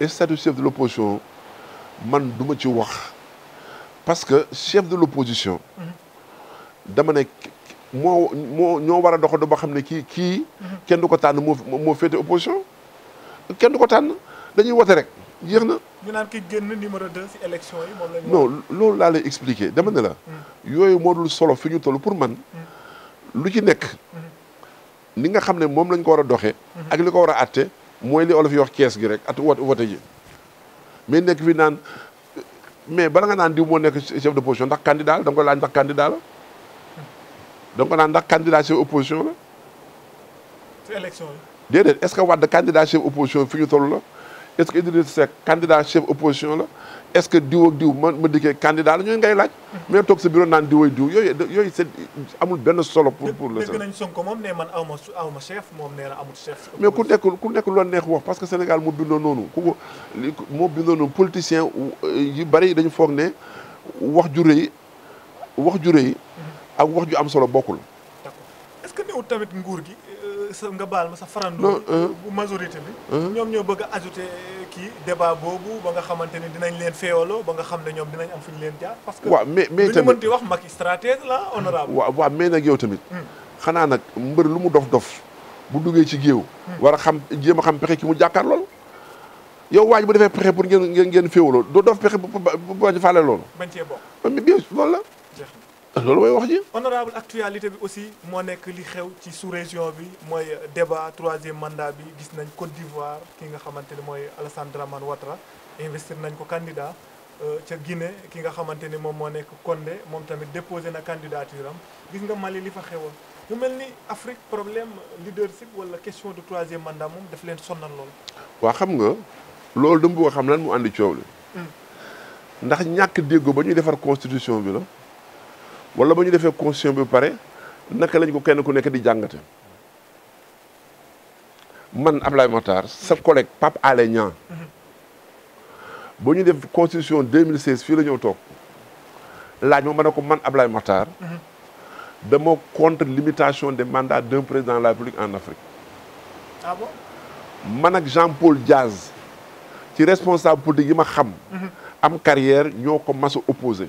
[SPEAKER 2] et statut chef de l'opposition man duma ci wax parce que chef de l'opposition dama ne mo moo ñoo war a doxadu ba xam ki ki kii kenn du ko tànn moo opposition kenn duko ko dañuy wote rek yéex na.
[SPEAKER 1] ñu nan ki génn numéro 2 ci élection yi
[SPEAKER 2] moom la non lool la lay expliquer dama ne la. yoy modul solo fi ñu toll pour man. Mm. lu ci nekk. Mm-hmm. ni nga xam mom lañ ko wara doxé ak li ko war a mooy li olof yi wax kees gi rek at wat wote ji mais nekk fi naan mais bala nga naan diw moo nekk chef de opposition ndax candidat la da nga ko laaj ndax candidat naan ndax candidat chef opposition la. ci élection la. déedéet est-ce que Wade candidat chef opposition fi ñu toll la. est-ce que Idrissa Seck candidat chef opposition là est-ce que Diou Diou diw ma ma candidat ñu ngay laaj. mais tok ce bureau nan Diou Diou yoy yoy c'est amul ben solo. pour pour le Sénégal dégg nañ
[SPEAKER 1] Sonko moom nee man aw ma chef moom nee amul chef. mais
[SPEAKER 2] ku nekk ku nekk loo neex wax parce que Sénégal moo bindoo noonu ku mo moo bindoo noonu politicien euh, yu bari dañu foog ne wax ju rëy wax ju rëy ak wax ju am solo bokul
[SPEAKER 1] est-ce que néew tamit nguur gi. sa nga baal ma sa farandoo bu majorité bi ñoom ñoo bëgg a ajouté kii débat boobu ba nga xamante ne dinañ leen feewaloo ba nga xam ne ñoom dinañ am fu ñu leen jaar parce que waaw mais mais tamit mën di wax Macky stratège la honorable
[SPEAKER 2] waaw waaw mais nag yow tamit xanaa nag mbër lu mu dof dof bu duggee ci géew war a xam jéem a xam pexe ki mu jàkkaar lool yow waaj bu defee pexe pour ngeen ngeen ngeen féewaloo doo dof pexe bu bañ faale loolu
[SPEAKER 1] bañ cee bokk mais bien loolu la wax honorable actualité aussi moo que li xew sous région bi mooy débat troisième mandat bi gis nañ Côte d'Ivoire qui nga xamante moy mooy Alassane Dramane investir nañ ko candidat euh, ca Guinée ki nga xamante mom mo nek Condé mom tamit déposé na candidature gis nga Mali li fa xewoon Ñu melni Afrique problème leadership wala question de troisième mandat mon daf leen sonnal lool.
[SPEAKER 2] Wa xam nga lool dama bëgg xam lan mu andi coow li hmm. ndax ñak déggo ba constitution bi la wala ba ñu defee constitution bi pare naka lañ ko kenn ku nekk di jàngate man Ablaye Matar sa collègue Pape Alé Niang ba ñu def constitution 2016 fii la ñëw toog laaj ma ne ko man Ablaye Matar dama contre limitation des mandats d'un président de la République en Afrique ah bon man ak Jean-Paul Diaz ci responsable politique yi ma xam am carrière ñoo ko commencé à opposé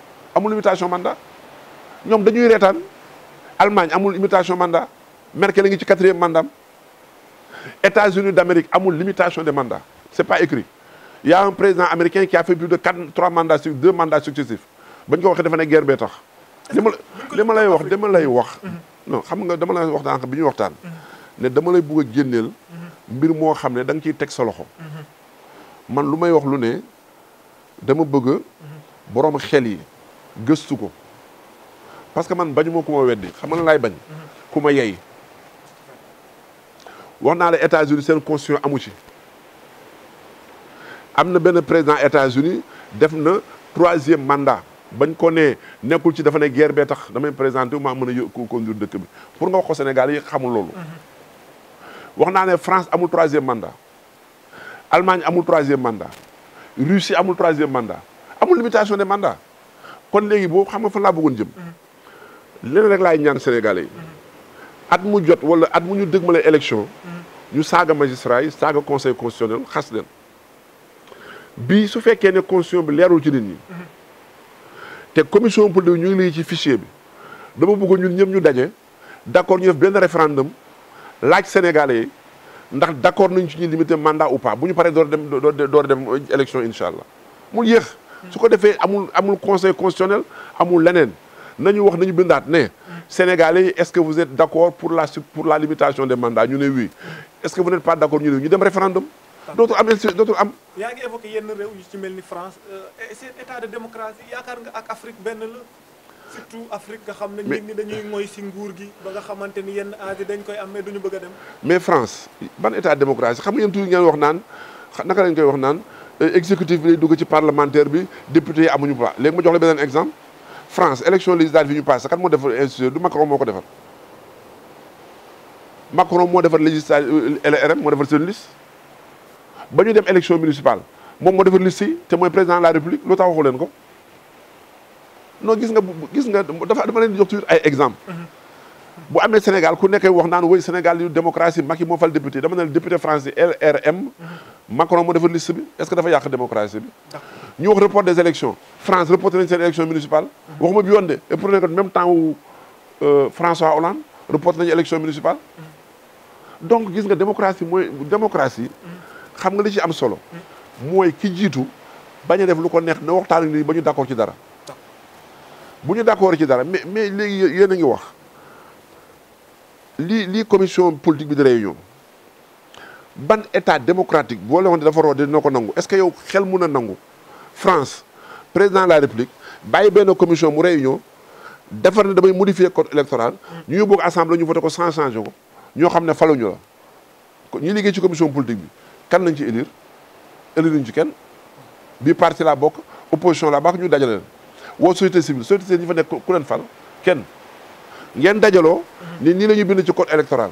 [SPEAKER 2] amul limitation mandat ñom dañuy rétane Allemagne amul limitation mandat Merkel a ngi ci quatrième mandat États-Unis d'Amérique amul limitation mandat. mandats c'est pas écrit il y a un président américain qui a fait plus de trois mandats sur deux mandats successifs une ko y dafa une guerre a tax. lay wax dama lay wax. non xam nga dama lay wax biñu mm-hmm. ne dama lay y a mm-hmm. mbir mo xamné dang une guerre. man il wax lu gëstu ko parce que man bañu moo ku ma weddi xam na laay bañ ku ma yey wax naa la États-Unis seen constitution amu ci am na benn président États-Unis def na troisième mandat bañ ko nee nekkul ci dafa ne guerre bee tax damay présenté wu maa mën a conduire dëkk bi pour nga wax ko Sénégal yi xamul loolu wax naa ne France amul troisième mandat Allemagne amul troisième mandat Russie amul troisième mandat amul limitation des mandats kon léegi boo xam nga fa laa bëggoon jëm leneen rek laay ñaan sénégalais yi at mu jot wala at mu ñu dëgmale élection ñu saaga magistrat yi saaga conseil constitutionnel xas leen bii su fekkee ne constitution bi leerul ci nit ñi te commission politique ñu ngi lay ci fichier bi dama bëgg ñun ñëpp ñu daje d'accord ñu def benn référendum laaj sénégalais yi ndax d'accord nañ ci ñuy limiter mandat ou pas bu ñu paree door dem doo dem élection incha allah mu yéex. su ko defee amul amul conseil constitutionnel amul leneen nañu wax nañu bindaat Né, Sénégalais est-ce que vous êtes d'accord pour la pour la limitation des mandats ñu ne oui est-ce que vous n'êtes pas d'accord ñu ne ñu dem référendum dootul am dootul am.
[SPEAKER 1] yaa ngi évoqué yenn réew yu ci mel ni France euh, seen état de démocratie yaakaar nga ak Afrique benn la surtout Afrique nga xam ne nit ñi dañuy mooy si nguur ba nga xamante yenn aasi dañ koy am mais duñu bëgg a
[SPEAKER 2] mais France ban état de démocratie xam nga yéen tuuti ngeen wax naan naka lañ koy wax naan. Euh, exécutif bi lay dugg ci parlementaire bi député yi amuñu ba léegi ma jox la beneen exemple France élection législative yi ñu passé kan moo defar institution du Macron moo ko defar Macron moo defar législative euh, LRM moo defar seen liste ba ñu dem élection municipale moom moo defar liste yi te mooy président de la république lu tax waxu leen ko non gis nga gis nga dafa dama leen jox toujours ay exemple bu amee Sénégal ku nekk wax naan woy Sénégal yu démocratie Macky moo fal député dama ne député français LRM Macron moo defar liste bi est-ce que dafa yàq démocratie bi ñu wax des élections France reporte les élections élection municipale mm-hmm. waxuma bi yoon et pour le même temps euh, François Hollande reporte nañu élection municipale mm-hmm. donc gis nga démocratie la démocratie mm-hmm. xam nga li ci am solo moi ki jiitu bañ a def lu ko neex na waxtaan ak d'accord ci dara bu d'accord ci dara mais mais léegi yéen a ngi wax Li commission politique de réunion ban état démocratique est-ce que yow xel a France président de la République baye commission mu réunion damay code électoral ñu avons assemblée ñu voté ko sans changer ko la ci commission politique bi kan lañ ci élire élire ñu kenn bi parti opposition ñu société civile société civile ñi fa fal kenn ni ni été bind code électoral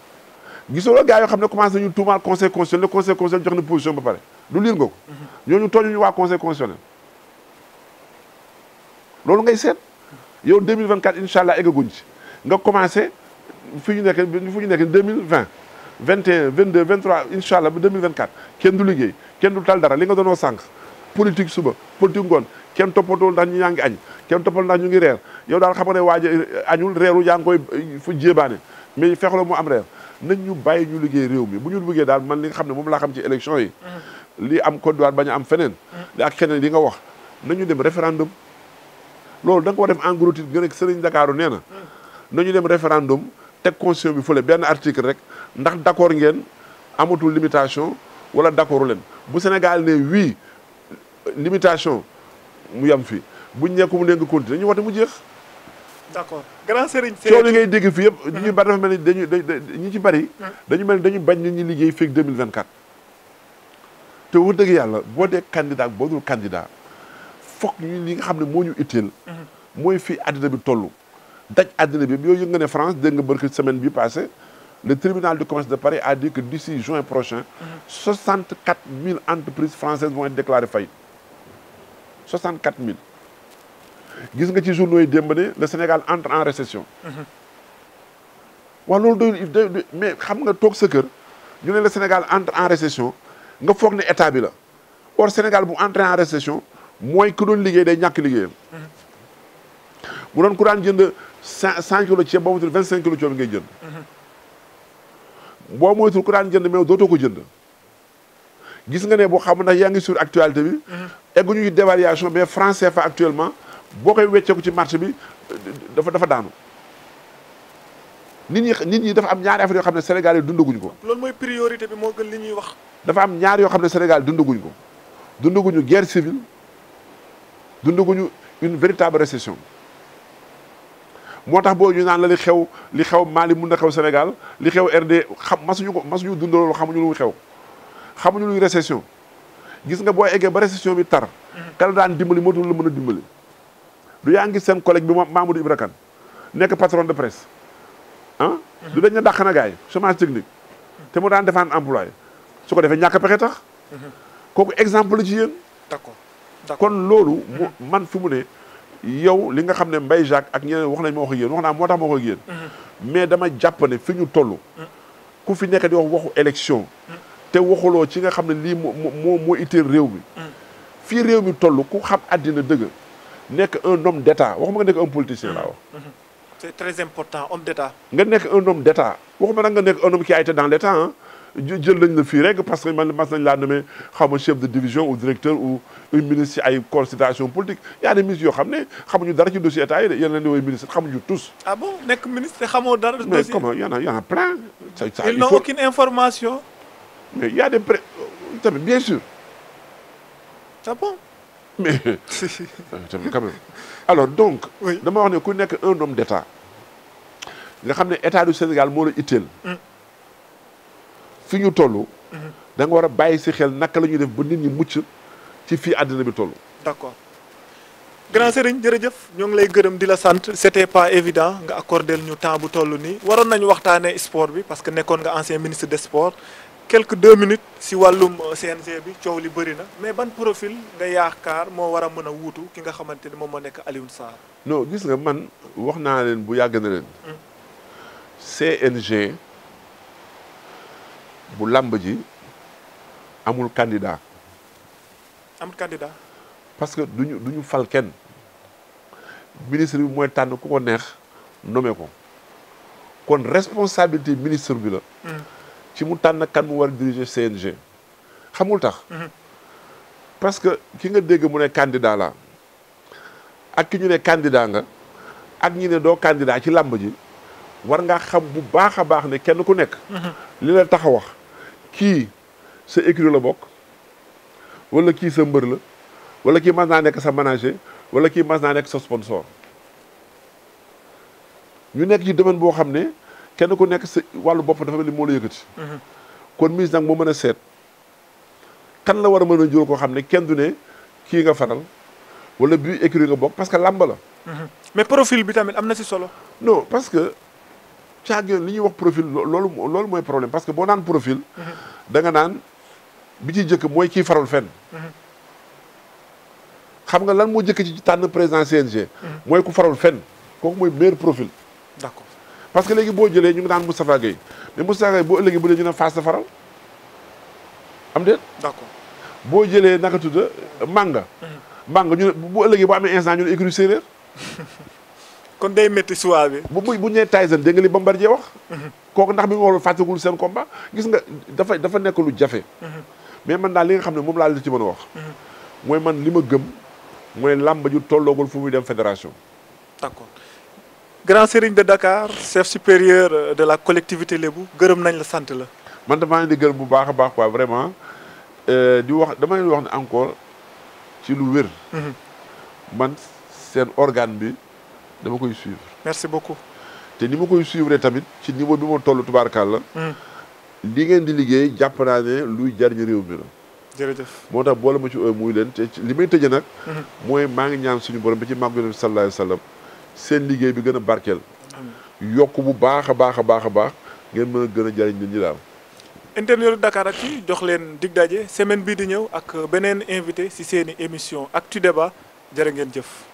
[SPEAKER 2] gisuloo gars yo xam ne commencé nañu le conseil constitutionnel le conseil constitutionnel jox position ba nous du nous nous ko. Mhm. ñooñu tooñuñu waa conseil constitutionnel. loolu ngay seet yow 2024 incha allah eggaguñ ci nga commencé fi ñu nekk fu 2020 21 22 23 incha allah ba 2024 kenn du liggéey kenn du tal dara li nga doonoo sànq. politique suba politique ngoon kenn toppatool ndax ñu ñaa ngi añ kenn ñu ngi reer yow daal xam nga ne waaja eh, añul reeru yaa ngi koy eh, fu jéebaane mais fexe la mu am reer nañ ñu bàyyi ñu liggéey réew mi bu ñu liggéey daal man li xam ne moom laa xam ci élection yi mm-hmm. li am Côte d'Ivoire bañ a am feneen mm-hmm. li ak xeneen li nga wax nañu dem référendum loolu da nga ko def en gros titre sëriñ Ndakaaru nee na mm-hmm. nañu dem référendum teg constitution bi fële benn article rek ndax d'accord ngeen amatul limitation wala d'accordu leen bu Sénégal ne oui limitation mu yam fi buñ mu
[SPEAKER 1] grand li ngay dégg fi
[SPEAKER 2] yépp hum. ñu ba dafa dañu ci bari. Hum. dañu melni dañu bañ ñi liggéey 2024. te wu dëgg yàlla boo dee candidat boo dul candidat foog ñu nga xam ne moo ñu hum. mooy bi toll. daj bi France dégg nga semaine bi passé le tribunal de commerce de Paris a dit que d'ici juin prochain. 64 000 entreprises françaises vont être déclarées faillites 64 000 gis nga le Sénégal entre en récession. waaw Mais mais xam nga toog sa ñu si le Sénégal entre en récession nga faisons ne état bi la le Sénégal entre en récession moins de doon liggéey day ñàkk liggéeyam. Il doon a jënd kilos de gis nga ne sur actualité bi. Mm-hmm. dévaluation mais français fa actuellement boo koy ci marché bi dafa dafa daanu. nit ñi nit ñi dafa am ñaari affaire ça Sénégal yi dunduguñ ko.
[SPEAKER 1] lool moy priorité bi mo gën li ñuy wax.
[SPEAKER 2] dafa am ñaar yo Sénégal dunduguñ ko dunduguñu guerre civile dunduguñu une véritable récession motax bo ñu naan la li xew li xew Mali mu na xew Sénégal li xew RD xam masuñu ko masuñu dund xamuñu lu xew. xamuñu luy récession gis nga boo eggee ba récession bi tar. kala daan dimbali moo dul la mën a dimbali. du yaa ngi seen collègue bi Mamadou Ibra Kane nekk patron de presse ah. du dañ na dàq na gaay chômage technique. te daan defaan emploi su ko defee ñàkk pexe tax. kooku exemple la ci yéen. d'accord kon loolu. mu man fi mu ne yow li nga xam ne mbay Jacques ak ñeneen wax nañ ma wax ak moo tax ma wax ak mm-hmm. mais dama jàpp fi ñu toll. ku fi nekk di wax waxu élection. Mm-hmm. te waxuloo ci nga xamné li mo mo ité moo itteel réew mi. Mm. fii réew mi toll ku xam àddina dëgg nekk un homme d'état waxuma nga nekk un politicien la mm. wax. Mm-hmm. c'est très important homme d'état. nga nek un homme d'état waxuma nga nek un homme qui a été dans l'état ah jël nañ la fi rek parce que man mas nañ laa nommé xaw chef de division ou directeur ou un ministre ay consultation politique y a des ministres yoo xam ne xamuñu dara ci dossier état yi de yéen a ngi ministre xamuñu tous. ah bon nek ministre xamoo dara. dossier mais comment y en a y en a plein. ça il faut aucune information. Mais il y a des... prêts, euh, Bien sûr. C'est bon Mais... Euh, Alors donc, nous je ne n'est un homme d'État. nga savons que l'État du Sénégal est mm. mm-hmm. utile. xel def qui nit ñi grand nous
[SPEAKER 1] nous la pas évident d'accorder le temps bu nous. waron sport parce que nous nga ancien ministre des sports quelques deux minutes si walum euh, CNG bi ciow li mais ban profil de mo wara meuna ki nga
[SPEAKER 2] non gis nga man wax bu na hmm. CNG bu amul candidat. amul candidat. parce que duñu duñu fal ministre bi nommé kon responsabilité ministre hmm. ci mu tànn kan mu war a diriger CNG xamul tax. Mhm. parce que ki nga dégg mu ne candidat la ak ki ñu ne candidat nga ak ñi ne doo candidat ci làmb ji war ngaa xam bu baax a baax ne kenn ku nekk. Mhm. li la tax a wax kii sa écurie la bokk wala kii sa mbër la wala kii mas naa nekk sa manager wala kii mas naa nekk sa sponsor ñu nekk ci domaine boo xam ne. kenn ku nekk walu wàllu bopp dafa mel ni moo la yëkkati mhm. kon mise nag moo mën a seet kan la war a mën a jur koo xam ne kenn du ne kii nga faral wala bi écrit nga bokk parce que làmb la mhm. mais profil bi tamit am na si solo non parce que caagen li ñuy wax profil loolu loolu mooy problème parce que boo naan profil mhm. da nga naan bi ci jëkk mooy kii faral fenn xam nga lan moo jëkk ci tànn président CNG mooy ku faral fenn kooku mooy meilleur profil d'accord parce que léegi boo jëlee ñu ngi naan Moustapha Gueye mais Moustapha Gueye boo ëllëgee bu dee ñu ne Fass la faral am déet. boo jëlee naka tudd Manga. Manga ñu ne bu ëllëgee boo amee instant ñu ne écurie séeréer. kon day métti suwaa bi. bu bu bu ñu nee Tyson dégg nga li Bombardier wax. Mhm. kooku ndax mi ngi waroon fàttagul seen combat gis nga dafa dafa nekk lu jafe. Mhm. mais man daal li nga xam ne moom laa la ci mën a wax. Mhm. mooy man li ma gëm mooy làmb ju tolloogul fu muy dem fédération. d'accord. grand sëriñ de Dakar chef supérieur euh, de la collectivité lebu geureum nañ la sante la. man dama maa geul bu baax a baax quoi vraiment euh di wax dama leen wax encore ci lu wér. Mhm. man sen organe bi dama koy suivre. merci beaucoup. te ni ma koy suivre tamit ci niveau bi ma toll tubaarkàlla. Mhm. li ngeen di liggéey jàpp naa ne luy jariñ réew mi la. jërëjëf moo tax boole ma ci euh, muy leen te li may tëjee nag. Mhm. mooy maa ngi ñaan suñu borom bi ci magu Yonent sallallahu alayhi wa sallam. seen liggéey bi gën a barkeel. yokk bu baax a baax a baax a baax ngeen mën a gën a jëriñ nit ñi daal. internet Dakaractu jox leen dig
[SPEAKER 1] daje semaine bii di ñëw ak beneen invité si seen i émission Actu Débat jërë ngeen jëf.